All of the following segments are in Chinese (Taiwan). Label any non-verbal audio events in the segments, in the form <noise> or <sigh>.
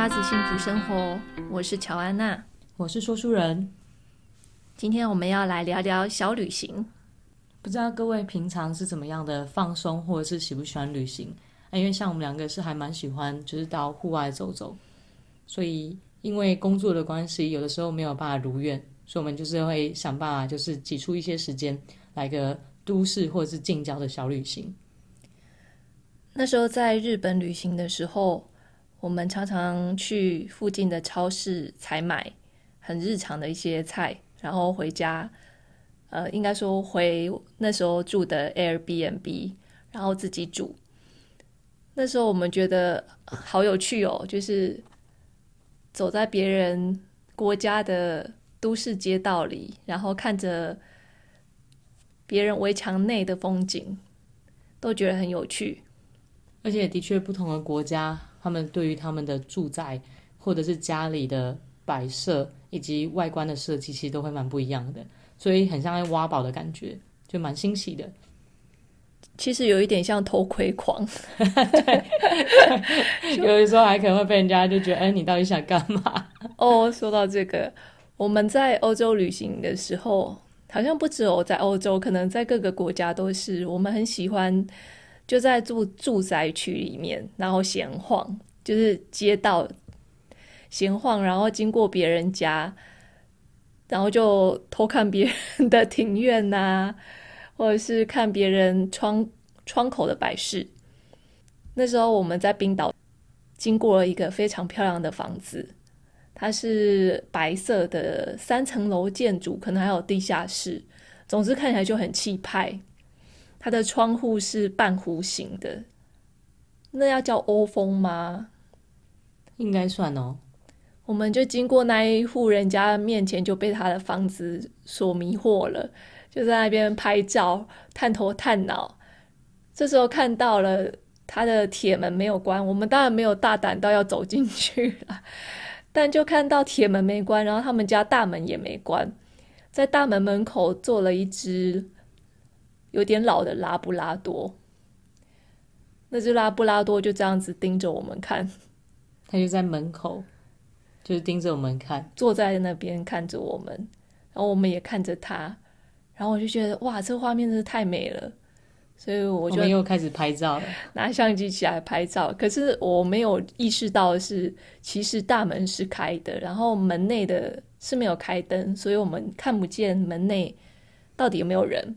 八次幸福生活，我是喬安娜，我是說書人。今天我們要來聊聊小旅行。不知道各位平常是怎麼樣的放鬆，或者是喜不喜歡旅行？啊，因為像我們兩個是還蠻喜歡，就是到戶外走走。所以因為工作的關係，有的時候沒有辦法如願，所以我們就是會想辦法，就是擠出一些時間來個都市或者是近郊的小旅行。那時候在日本旅行的時候。我們常常去附近的超市採買很日常的一些菜，然後回家，呃，應該說回那時候住的 Airbnb，然後自己煮。那時候我們覺得好有趣哦，就是走在別人國家的都市街道裡，然後看着別人圍牆內的風景，都覺得很有趣。而且，的確，不同的國家。他們對於他們的住宅或者是家裡的擺設以及外觀的設計，其實都會蠻不一樣的，所以很像在挖寶的感覺，就蠻欣喜的。其實有一點像偷窺狂，有的時候還可能會被人家就覺得，欸，你到底想幹嘛？哦，說到這個，我們在歐洲旅行的時候，好像不止我在歐洲，可能在各個國家都是，我們很喜歡。就在住住宅區裡面，然後閒晃，就是街道閒晃，然後經過別人家，然後就偷看別人的庭院啊，或者是看別人窗窗口的擺飾。那時候我們在冰島經過了一個非常漂亮的房子，它是白色的三層樓建築，可能還有地下室，總之看起來就很氣派。它的窗戶是半弧形的，那要叫歐風嗎？應該算哦。我們就經過那一戶人家面前，就被他的房子所迷惑了，就在那邊拍照、探頭探腦。這時候看到了他的鐵門沒有關，我們當然沒有大膽到要走進去了，但就看到鐵門沒關，然後他們家大門也沒關，在大門門口坐了一隻。有點老的拉布拉多，那隻拉布拉多就這樣子盯着我們看，它就在門口，就是盯着我們看，坐在那邊看着我們，然後我們也看着它，然後我就覺得哇，這畫面真是太美了，所以我就我又開始拍照了，拿相機起來拍照。可是我沒有意識到是其實大門是開的，然後門內的是沒有開燈，所以我們看不見門內到底有沒有人。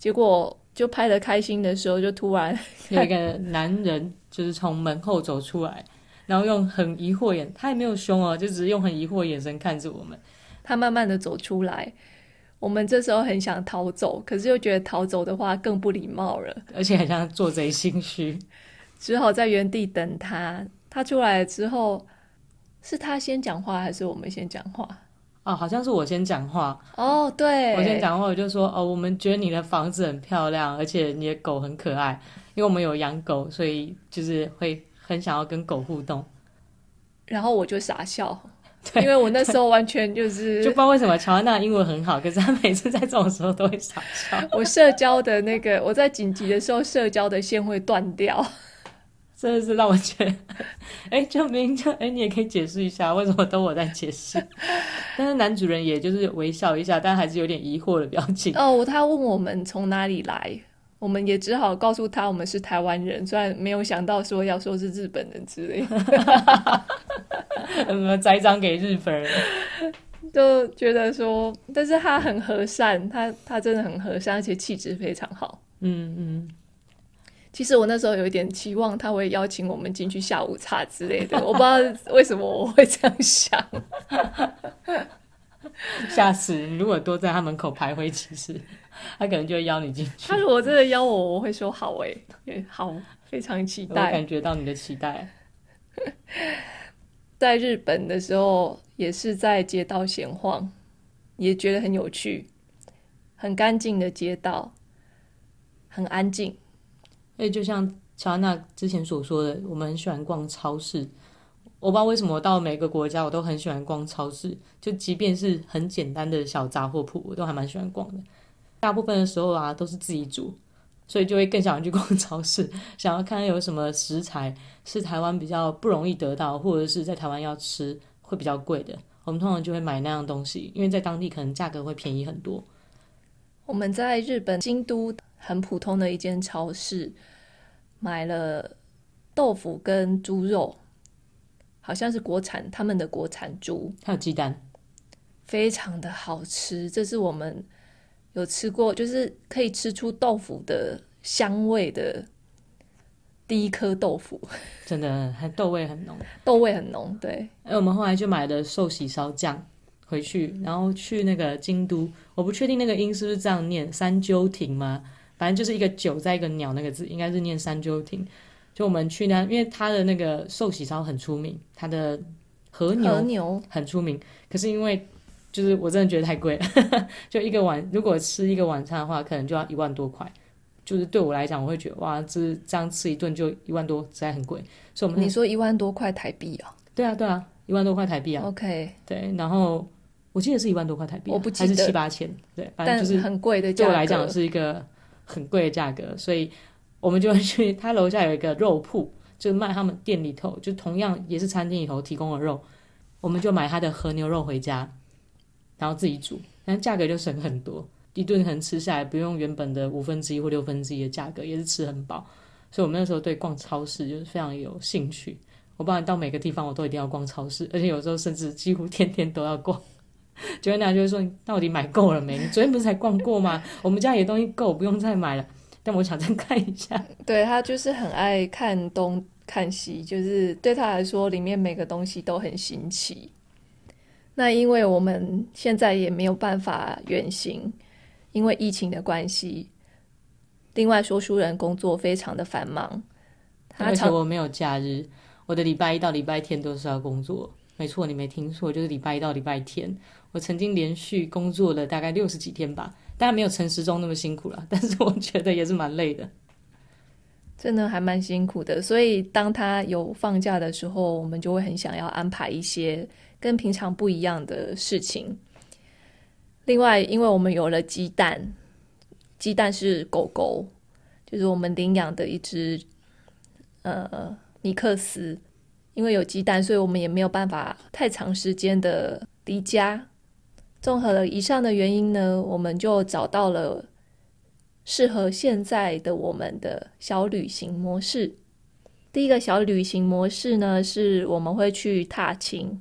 結果就拍得開心的時候，就突然有一個男人就是從門後走出來，然後用很疑惑眼，他也沒有凶啊、哦，就只是用很疑惑眼神看着我們。他慢慢的走出來，我們這時候很想逃走，可是又覺得逃走的話更不禮貌了，而且好像做賊心虛， <laughs> 只好在原地等他。他出來之後，是他先講話還是我們先講話？哦，好像是我先講話哦，對，我先講話，我就說哦，我們覺得你的房子很漂亮，而且你的狗很可愛，因為我們有養狗，所以就是會很想要跟狗互動。然後我就傻笑，對因為我那時候完全就是，就不知道為什麼喬安納的英文很好， <laughs> 可是她每次在這種時候都會傻笑。我社交的那個， <laughs> 我在緊急的時候社交的線會斷掉。真的是讓我覺得，哎、欸，救命、欸！你也可以解釋一下為什麼都我在解釋？但是男主人也就是微笑一下，但還是有點疑惑的表情。哦，他問我們從哪裡來，我們也只好告訴他我們是台灣人，雖然沒有想到說要說是日本人之類的，哈哈哈哈哈。怎麼栽贓給日本人？就覺得說，但是他很和善，他他真的很和善，而且氣質非常好。嗯嗯。嗯其實我那時候有一點期望，他會邀請我們進去下午茶之類的。我不知道為什麼我會這樣想。 <laughs> 下次你如果多在他門口徘徊，其實他可能就會邀你進去。他如果真的邀我，我會說好哎，好，非常期待。我感覺到你的期待。 <laughs> 在日本的時候，也是在街道閒晃，也覺得很有趣，很乾淨的街道，很安靜。因為就像喬安娜之前所說的，我們很喜歡逛超市。我不知道為什麼到每個國家，我都很喜歡逛超市。就即便是很簡單的小雜貨鋪，我都還蠻喜歡逛的。大部分的時候啊，都是自己煮，所以就會更想去逛超市，想要看有什麼食材是台灣比較不容易得到，或者是在台灣要吃會比較貴的。我們通常就會買那樣東西，因為在當地可能價格會便宜很多。我們在日本京都。很普通的一間超市，買了豆腐跟豬肉，好像是國產，他們的國產豬，還有雞蛋，非常的好吃。這是我們有吃過，就是可以吃出豆腐的香味的第一顆豆腐，真的很豆味很濃，豆味很濃。對，哎、欸，我們後來就買了壽喜燒醬回去，然後去那個京都，我不確定那個音是不是這樣念三鳩亭嗎？反正就是一個“九”，在一個“鳥”那個字，應該是念“三鳩亭”。就我們去那，因為它的那個壽喜燒很出名，它的和牛很出名。和牛。可是因為就是我真的覺得太貴了， <laughs> 就一個晚如果吃一個晚餐的話，可能就要一萬多塊。就是對我來講，我會覺得哇，這、就是、這樣吃一頓就一萬多，實在很貴。所以我們你說一萬多塊台幣啊、喔？對啊，對啊，一萬多塊台幣啊。OK，對。然後我記得是一萬多塊台幣、啊，我不記得還是七八千。對，反正就是很貴的。對我來講是一個。很貴的價格，所以我們就會去他樓下有一個肉鋪，就賣他們店裡頭就同樣也是餐廳裡頭提供的肉，我們就買他的和牛肉回家，然後自己煮，但價格就省很多，一頓可能吃下來不用原本的五分之一或六分之一的價格，也是吃很飽。所以我們那時候對逛超市就是非常有興趣。我不管到每個地方我都一定要逛超市，而且有時候甚至幾乎天天都要逛。就會 <music> 那樣，就會說，你到底買夠了沒？你昨天不是才逛過嗎？ <laughs> 我們家有東西夠，不用再買了。但我想再看一下。對，他就是很愛看東看西，就是對他來說，裡面每個東西都很新奇。那因為我們現在也沒有辦法遠行，因為疫情的關係。另外，說書人工作非常的繁忙，他說，我沒有假日，我的禮拜一到禮拜天都是要工作。沒錯，你沒聽錯，就是禮拜一到禮拜天。我曾經連續工作了大概六十幾天吧，當然沒有陳時中那麼辛苦了，但是我覺得也是蠻累的，真的還蠻辛苦的。所以當他有放假的時候，我們就會很想要安排一些跟平常不一樣的事情。另外，因為我們有了雞蛋，雞蛋是狗狗，就是我們領養的一隻呃米克斯，因為有雞蛋，所以我們也沒有辦法太長時間的離家。綜合了以上的原因呢，我們就找到了適合現在的我們的小旅行模式。第一個小旅行模式呢，是我們會去踏青，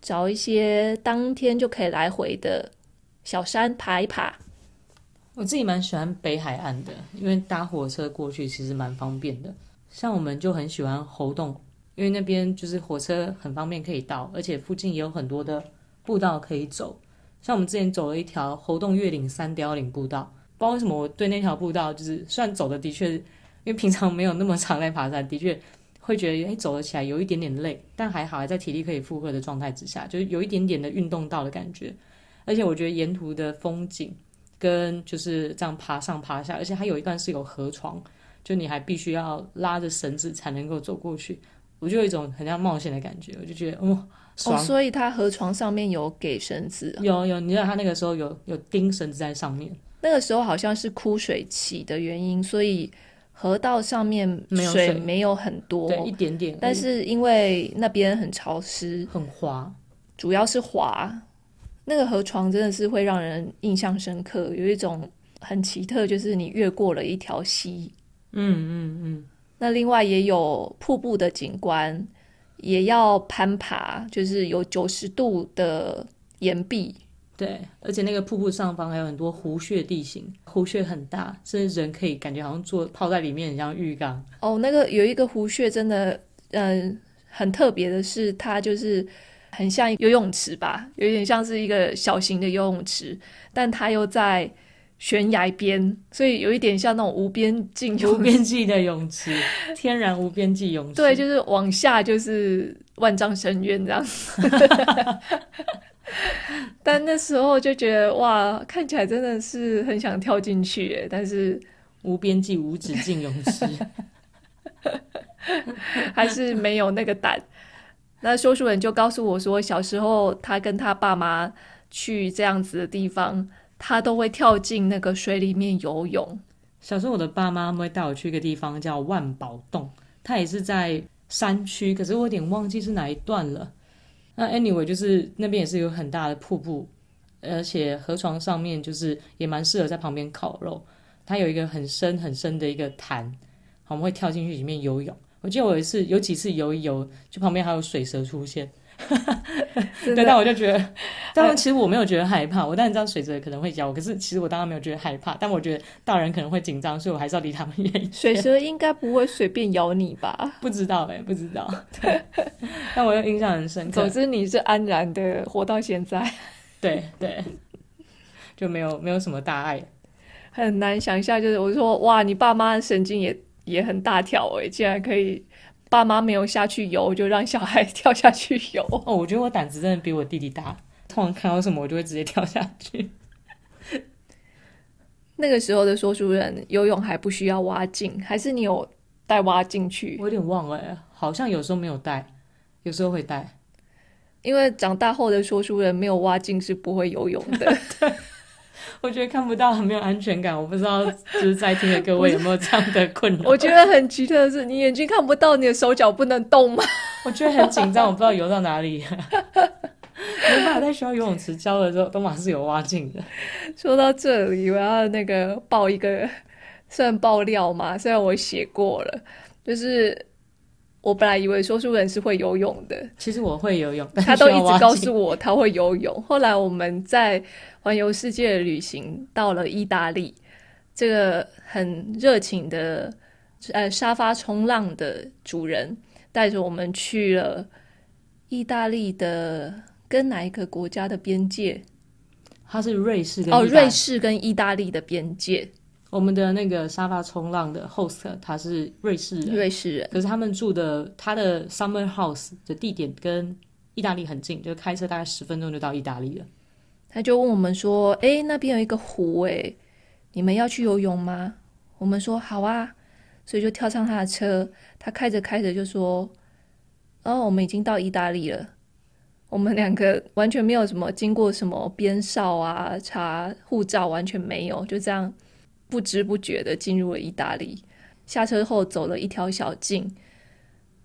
找一些當天就可以來回的小山爬一爬。我自己蠻喜歡北海岸的，因為搭火車過去其實蠻方便的。像我們就很喜歡猴硐，因為那邊就是火車很方便可以到，而且附近也有很多的。步道可以走，像我們之前走了一條猴硐越嶺三貂嶺步道，不知道為什麼我對那條步道就是，雖然走的的確，因為平常沒有那麼常來爬山，的確會覺得誒、欸，走了起來有一點點累，但還好還在體力可以負荷的狀態之下，就是有一點點的運動到的感覺，而且我覺得沿途的風景跟就是這樣爬上爬下，而且它有一段是有河床，就你還必須要拉着繩子才能夠走過去。我就有一種很像冒險的感覺，我就覺得，哦，爽。哦，所以它河床上面有給繩子，有有，你知道它那個時候有有釘繩子在上面。那個時候好像是枯水期的原因，所以河道上面水沒有很多，對，一點點。但是因為那邊很潮濕、嗯，很滑，主要是滑。那個河床真的是會讓人印象深刻，有一種很奇特，就是你越過了一條溪。嗯嗯嗯。嗯那另外也有瀑布的景觀，也要攀爬，就是有九十度的岩壁，對，而且那個瀑布上方還有很多湖穴地形，湖穴很大，甚至人可以感覺好像坐泡在裡面，很像浴缸。哦，oh, 那個有一個湖穴真的，嗯、呃，很特別的是，它就是很像游泳池吧，有點像是一個小型的游泳池，但它又在。懸崖邊，所以有一點像那種無邊境、無邊際的泳池，天然無邊際泳池。 <laughs> 對，就是往下就是萬丈深淵這樣子。 <laughs> <laughs> 但那時候就覺得哇，看起來真的是很想跳進去，但是無邊際、無止境泳池， <laughs> <laughs> 還是沒有那個膽。那說書人就告訴我說，小時候他跟他爸媽去這樣子的地方。他都會跳進那個水裡面游泳。小時候，我的爸媽會帶我去一個地方叫萬寶洞，它也是在山區，可是我有點忘記是哪一段了。那 anyway 就是那邊也是有很大的瀑布，而且河床上面就是也蠻適合在旁邊烤肉。它有一個很深很深的一個潭，我們會跳進去裡面游泳。我記得我有一次有幾次游一游，就旁邊還有水蛇出現。哈哈， <laughs> 對，的但我就覺得，但，其實我沒有覺得害怕。哎、我當然知道水蛇可能會咬我，可是其實我當然沒有覺得害怕。但我覺得大人可能會緊張，所以我還是要離他們遠一點。水蛇應該不會隨便咬你吧？不知道哎、欸，不知道。對， <laughs> 但我又印象很深刻。總之你是安然的活到現在。 <laughs> 對對，就沒有沒有什麼大礙。很難想象，就是我說哇，你爸媽神經也也很大條誒、欸，竟然可以。爸媽沒有下去遊，就讓小孩跳下去遊。哦，我覺得我膽子真的比我弟弟大。通常看到什麼，我就會直接跳下去。那個時候的說書人游泳還不需要蛙鏡，還是你有帶蛙鏡去？我有點忘了，好像有時候沒有帶，有時候會帶。因為長大後的說書人沒有蛙鏡是不會游泳的。 <laughs> 我覺得看不到，很沒有安全感。我不知道就是在聽的各位有沒有這樣的困擾。我覺得很奇特的是，你眼睛看不到，你的手腳不能動嗎？我覺得很緊張， <laughs> 我不知道游到哪裡啊。沒辦 <laughs> 法，在學校游泳池教的時候，都馬上是有蛙鏡的。說到這裡，我要那個爆一個，算爆料嗎？雖然我寫過了，就是。我本來以為說書人是會游泳的，其實我會游泳。他都一直告訴我他會游泳。 <laughs> 後來我們在環遊世界的旅行，到了意大利，這個很熱情的呃沙發衝浪的主人帶着我們去了意大利的跟哪一個國家的邊界？他是瑞士的哦，瑞士跟意大利的邊界。我們的那個沙發衝浪的 host 他是瑞士人，瑞士人，可是他們住的他的 summer house 的地點跟意大利很近，就開車大概十分鐘就到意大利了。他就問我們說：“哎、欸，那邊有一個湖、欸，哎，你們要去游泳嗎？”我們說：“好啊。”所以就跳上他的車，他開着開着就說：“哦，我們已經到意大利了。”我們兩個完全沒有什麼經過什麼邊哨啊，查護照完全沒有，就這樣。不知不覺的進入了意大利，下車後走了一條小徑。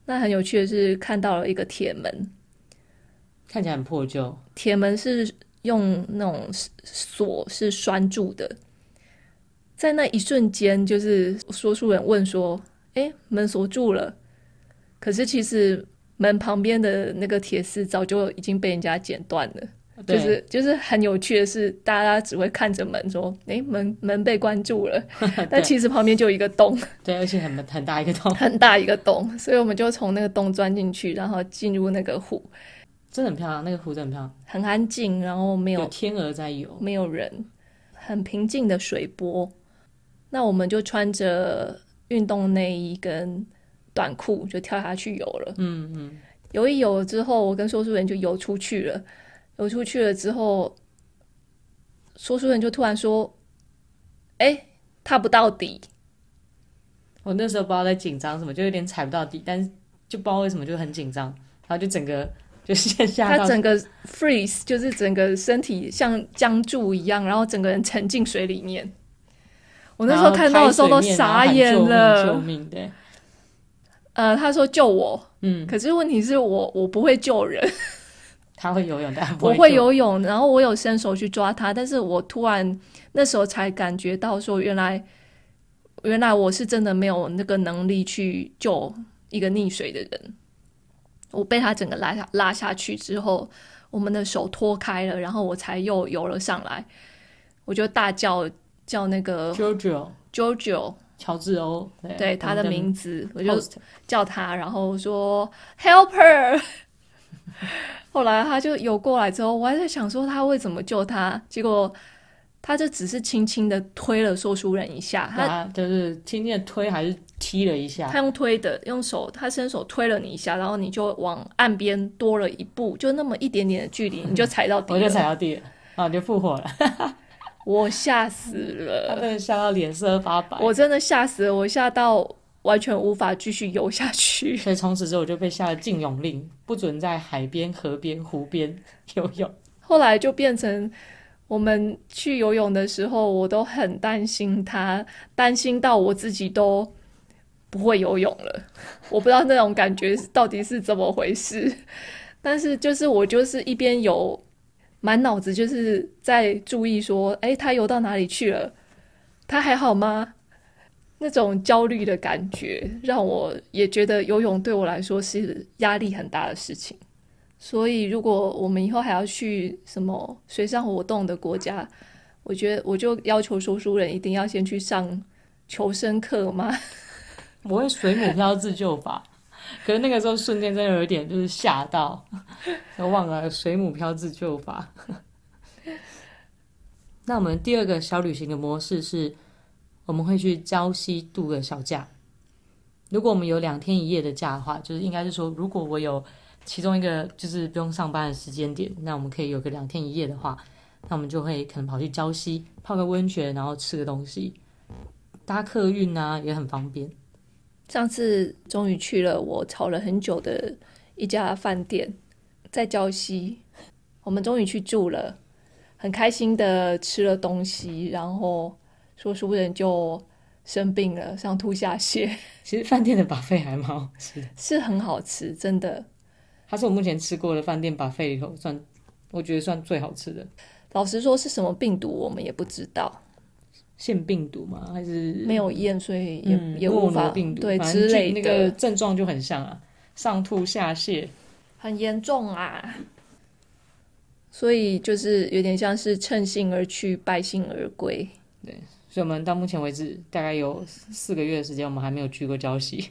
那很有趣的是，看到了一個鐵門，看起來很破舊。鐵門是用那種鎖是拴住的。在那一瞬間，就是說書人問說：“誒，門鎖住了？”可是其實門旁邊的那個鐵絲早就已經被人家剪斷了。對就是就是很有趣的是，大家只會看着門說：“哎，門門被關住了。 <laughs> 對”但其實旁邊就有一個洞。對，而且很很大一個洞。 <laughs> 很大一個洞，所以我們就從那個洞鑽進去，然後進入那個湖。真的很漂亮，那個湖真的很漂亮。很安靜，然後沒有，有天鵝在游，沒有人，很平靜的水波。那我們就穿着運動內衣跟短褲就跳下去游了。嗯嗯。嗯游一游之後，我跟說書人就游出去了。游出去了之後，說書人就突然說：“哎、欸，踏不到底。”我那時候不知道在緊張什麼，就有點踩不到底，但是就不知道為什麼就很緊張，然後就整個就陷下來。他整個 freeze，就是整個身體像僵住一樣，然後整個人沉進水裡面。我那時候看到的時候都傻眼了，救命，救命！對，呃，他說救我，嗯，可是問題是我我不會救人。他會游泳，但我會游泳。然後我有伸手去抓他，但是我突然那時候才感覺到說，原來原來我是真的沒有那個能力去救一個溺水的人。我被他整個拉下拉下去之後，我們的手脫開了，然後我才又游了上來。我就大叫叫那個 j o r g o j o r g o 喬治歐，對、啊、對他的名字，等等我就叫他，然後說 Help her。後來他就游過來之後，我還在想說他會怎麼救他，結果他就只是輕輕地推了說書人一下。他、啊、就是輕輕的推還是踢了一下？他用推的，用手，他伸手推了你一下，然後你就往岸邊多了一步，就那麼一點點的距離，你就踩到底， <laughs> 我就踩到底了，然、啊、你就復活了。 <laughs> 我嚇死了，他真的嚇到臉色發白。我真的嚇死了，我嚇到。完全無法繼續游下去，所以從此之後我就被下了禁泳令，不准在海邊、河邊、湖邊游泳。後來就變成我們去游泳的時候，我都很擔心他，擔心到我自己都不會游泳了。我不知道那種感覺到底是怎麼回事， <laughs> 但是就是我就是一邊游，滿腦子就是在注意說：哎，他游到哪裡去了？他還好嗎？那種焦慮的感覺，讓我也覺得游泳對我來說是壓力很大的事情。所以，如果我們以後還要去什麼水上活動的國家，我覺得我就要求說書人一定要先去上求生課嗎？我會水母漂自救法， <laughs> 可是那個時候瞬間真的有一點就是嚇到，都忘了水母漂自救法。 <laughs> 那我們第二個小旅行的模式是。我們會去礁溪度個小假。如果我們有兩天一夜的假的話，就是應該是說，如果我有其中一個就是不用上班的時間點，那我們可以有個兩天一夜的話，那我們就會可能跑去礁溪泡個溫泉，然後吃個東西，搭客運啊也很方便。上次終於去了我吵了很久的一家飯店，在礁溪，我們終於去住了，很開心的吃了東西，然後。說書人就生病了，上吐下瀉。 <laughs> 其實飯店的 buffet 還蠻好吃的，是是很好吃，真的。它是我目前吃過的飯店 buffet 裡頭算，我覺得算最好吃的。老實說，是什麼病毒我們也不知道，腺病毒嗎？還是沒有驗，所以也、嗯、也無法諾羅病毒對，之類那個症狀就很像啊，上吐下瀉，很嚴重啊。所以就是有點像是乘興而去，敗興而歸。對。所以我們到目前為止大概有四個月的時間，我們還沒有去過礁溪，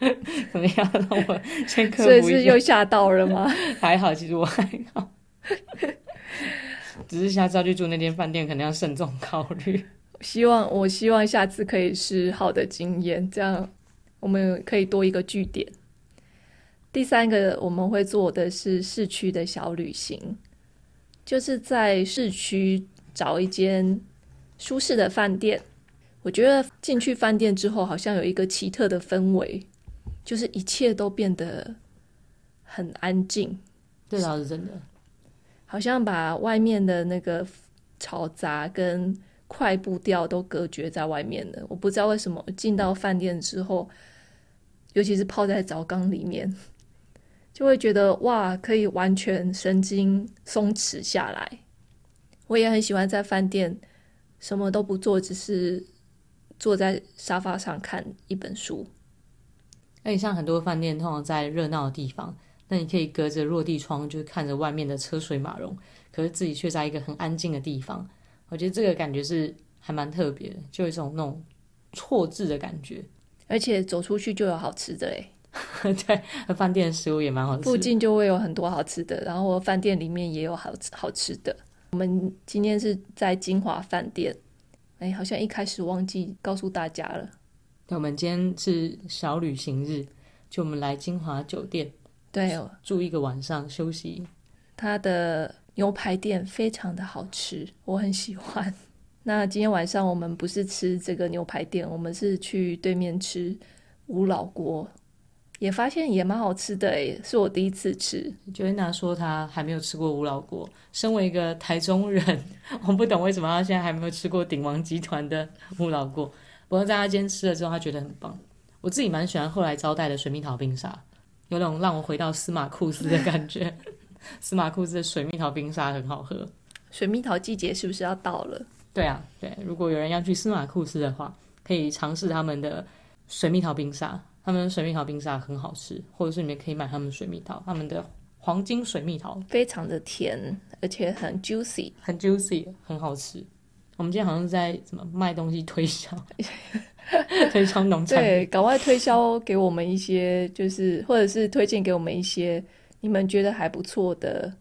可能要讓我先克服。所以是又嚇到了嗎？還好，其實我還好， <laughs> 只是下次要去住那間飯店，肯定要慎重考慮。希望我希望下次可以是好的經驗，這樣我們可以多一個據點。第三個我們會做的是市區的小旅行，就是在市區找一間。舒適的飯店，我覺得進去飯店之後，好像有一個奇特的氛圍，就是一切都變得很安靜。對啊，是真的，好像把外面的那個吵雜跟快步調都隔絕在外面了。我不知道為什麼進到飯店之後，尤其是泡在澡缸裡面，就會覺得哇，可以完全神經鬆弛下來。我也很喜歡在飯店。什麼都不做，只是坐在沙發上看一本書。而且像很多飯店通常在熱鬧的地方，那你可以隔着落地窗就看着外面的車水馬龍，可是自己卻在一個很安靜的地方。我覺得這個感覺是還蠻特別的，就有一種那種錯置的感覺。而且走出去就有好吃的誒， <laughs> 對，飯店的食物也蠻好吃的。附近就會有很多好吃的，然後飯店裡面也有好吃好吃的。我們今天是在金華飯店，哎，好像一開始忘記告訴大家了。對，我們今天是小旅行日，就我們來金華酒店，對哦，住一個晚上休息。它的牛排店非常的好吃，我很喜歡。那今天晚上我們不是吃這個牛排店，我們是去對面吃無老鍋。也發現也蠻好吃的誒、欸，是我第一次吃。Joanna 說他還沒有吃過無老鍋，身為一個台中人，我不懂為什麼他現在還沒有吃過鼎王集團的無老鍋。不過在她今天吃了之後，她覺得很棒。我自己蠻喜歡後來招待的水蜜桃冰沙，有種讓我回到司馬庫斯的感覺。司 <laughs> 馬庫斯的水蜜桃冰沙很好喝。水蜜桃季節是不是要到了？對啊，對啊。如果有人要去司馬庫斯的話，可以嘗試他們的水蜜桃冰沙。他們水蜜桃冰沙很好吃，或者是你們可以買他們水蜜桃，他們的黃金水蜜桃非常的甜，而且很 juicy，很 juicy，很好吃。我們今天好像是在什麼賣東西推銷， <laughs> 推銷農產品，對，趕快推銷給我們一些，就是或者是推薦給我們一些你們覺得還不錯的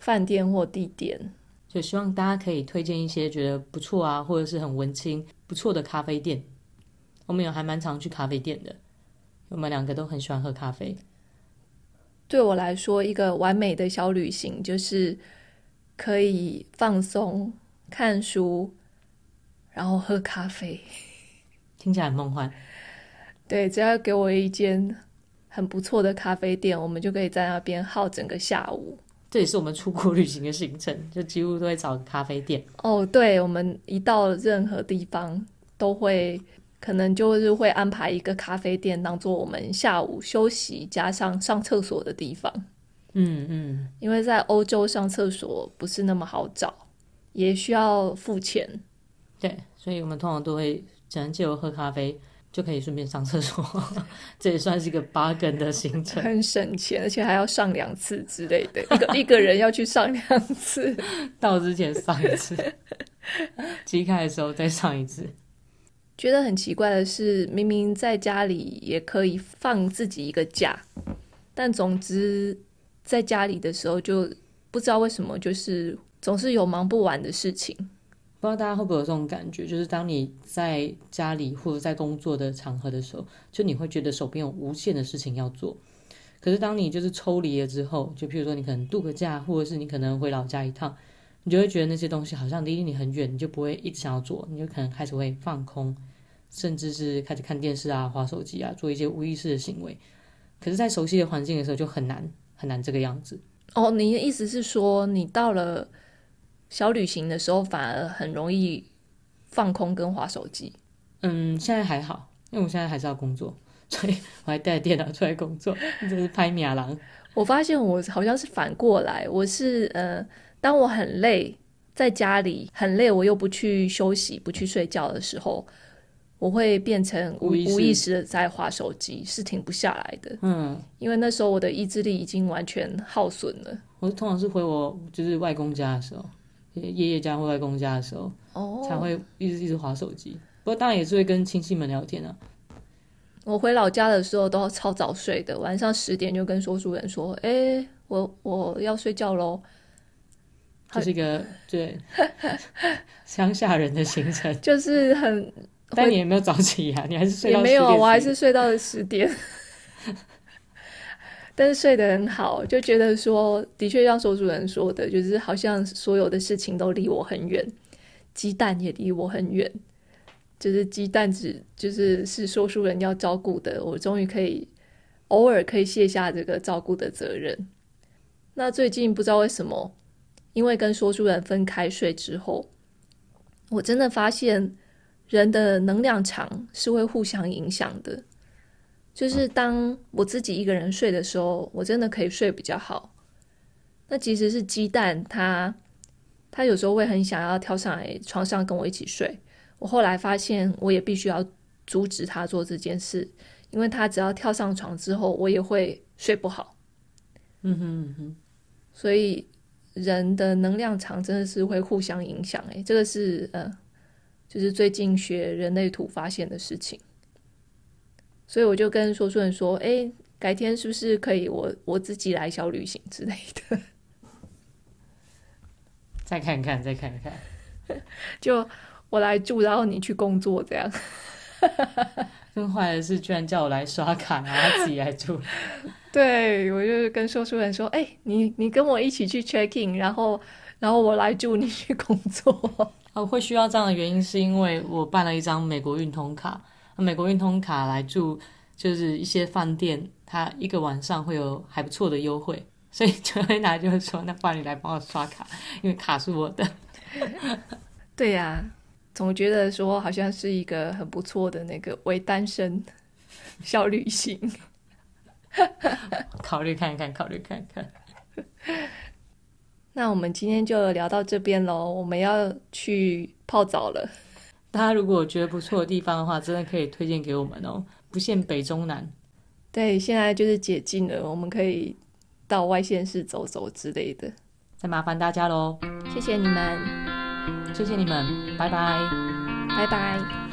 飯店或地點，就希望大家可以推薦一些覺得不錯啊，或者是很文青不錯的咖啡店。我們有還蠻常去咖啡店的。我們兩個都很喜歡喝咖啡。對我來說，一個完美的小旅行就是可以放鬆、看書，然後喝咖啡。聽起來很夢幻。對，只要給我一間很不錯的咖啡店，我們就可以在那邊耗整個下午。這也是我們出國旅行的行程，就幾乎都會找咖啡店。哦，對，我們一到任何地方都會。可能就是會安排一個咖啡店當做我們下午休息加上上廁所的地方。嗯嗯，嗯，因為在歐洲上廁所不是那麼好找，也需要付錢。對，所以我們通常都會只能借由喝咖啡就可以順便上廁所呵呵，這也算是一個 bargain 的行程。 <laughs> 很省錢，而且還要上兩次之類的，一個 <laughs> 一個人要去上兩次，到之前上一次，機 <laughs> 開的時候再上一次。覺得很奇怪的是，明明在家裡也可以放自己一個假，但總之在家裡的時候就不知道為什麼，就是總是有忙不完的事情。不知道大家會不會有這種感覺，就是當你在家裡或者在工作的場合的時候，就你會覺得手邊有無限的事情要做。可是當你就是抽離了之後，就譬如說你可能度個假，或者是你可能回老家一趟，你就會覺得那些東西好像離你很遠，你就不會一直想要做，你就可能開始會放空。甚至是開始看電視啊、滑手機啊，做一些無意識的行為。可是，在熟悉的環境的時候，就很難很難這個樣子。哦，你的意思是說，你到了小旅行的時候，反而很容易放空跟滑手機？嗯，現在還好，因為我現在還是要工作，所以我還帶着電腦出來工作，就 <laughs> 是拍米亞。我發現我好像是反過來，我是呃，當我很累，在家裡很累，我又不去休息、不去睡覺的時候。我會變成無，無意識的在滑手機，是停不下來的。嗯，因為那時候我的意志力已經完全耗損了。我通常是回我就是外公家的時候，爺爺家或外公家的時候，才、哦、會一直一直滑手機。不過當然也是會跟親戚們聊天啊。我回老家的時候都超早睡的，晚上十點就跟說書人說：“哎、欸，我我要睡覺嘍。”這 <laughs> 是一個對 <laughs> <laughs> 鄉下人的行程，就是很。但你也沒有早起呀，會你還是睡到十點，也沒有，我還是睡到了十點。 <laughs> <laughs> 但是睡得很好，就覺得說的確像說書人說的，就是好像所有的事情都離我很遠，雞蛋也離我很遠。就是雞蛋只就是是說書人要照顧的，我終於可以偶爾可以卸下這個照顧的責任。那最近不知道為什麼，因為跟說書人分開睡之後，我真的發現。人的能量場是會互相影響的，就是當我自己一個人睡的時候，我真的可以睡比較好。那其實是雞蛋，它它有時候會很想要跳上來床上跟我一起睡。我後來發現，我也必須要阻止他做這件事，因為他只要跳上床之後，我也會睡不好。嗯哼嗯哼，所以人的能量場真的是會互相影響，誒，這個是呃。就是最近學人類圖發現的事情，所以我就跟說書人說：“哎、欸，改天是不是可以我我自己來小旅行之類的？”再看看，再看看， <laughs> 就我來住，然後你去工作這樣。更壞的是，居然叫我來刷卡，然後他自己來住。 <laughs> 對，我就是跟說書人說：“哎、欸，你你跟我一起去 check in，然後然後我來住，你去工作。 <laughs> ”哦，會需要這樣的原因，是因為我辦了一張美國運通卡，美國運通卡來住就是一些飯店，它一個晚上會有還不錯的優惠，所以陳慧娜就會說，那不然幫你來幫我刷卡，因為卡是我的。對呀、啊，總覺得說好像是一個很不錯的那個微單身小旅行，考慮看看，考慮看看。那我們今天就聊到這邊嘍，我們要去泡澡了。大家如果覺得不錯的地方的話，真的可以推薦給我們哦，不限北中南。對，現在就是解禁了，我們可以到外縣市走走之類的。再麻煩大家嘍，謝謝你們，謝謝你們，拜拜，拜拜。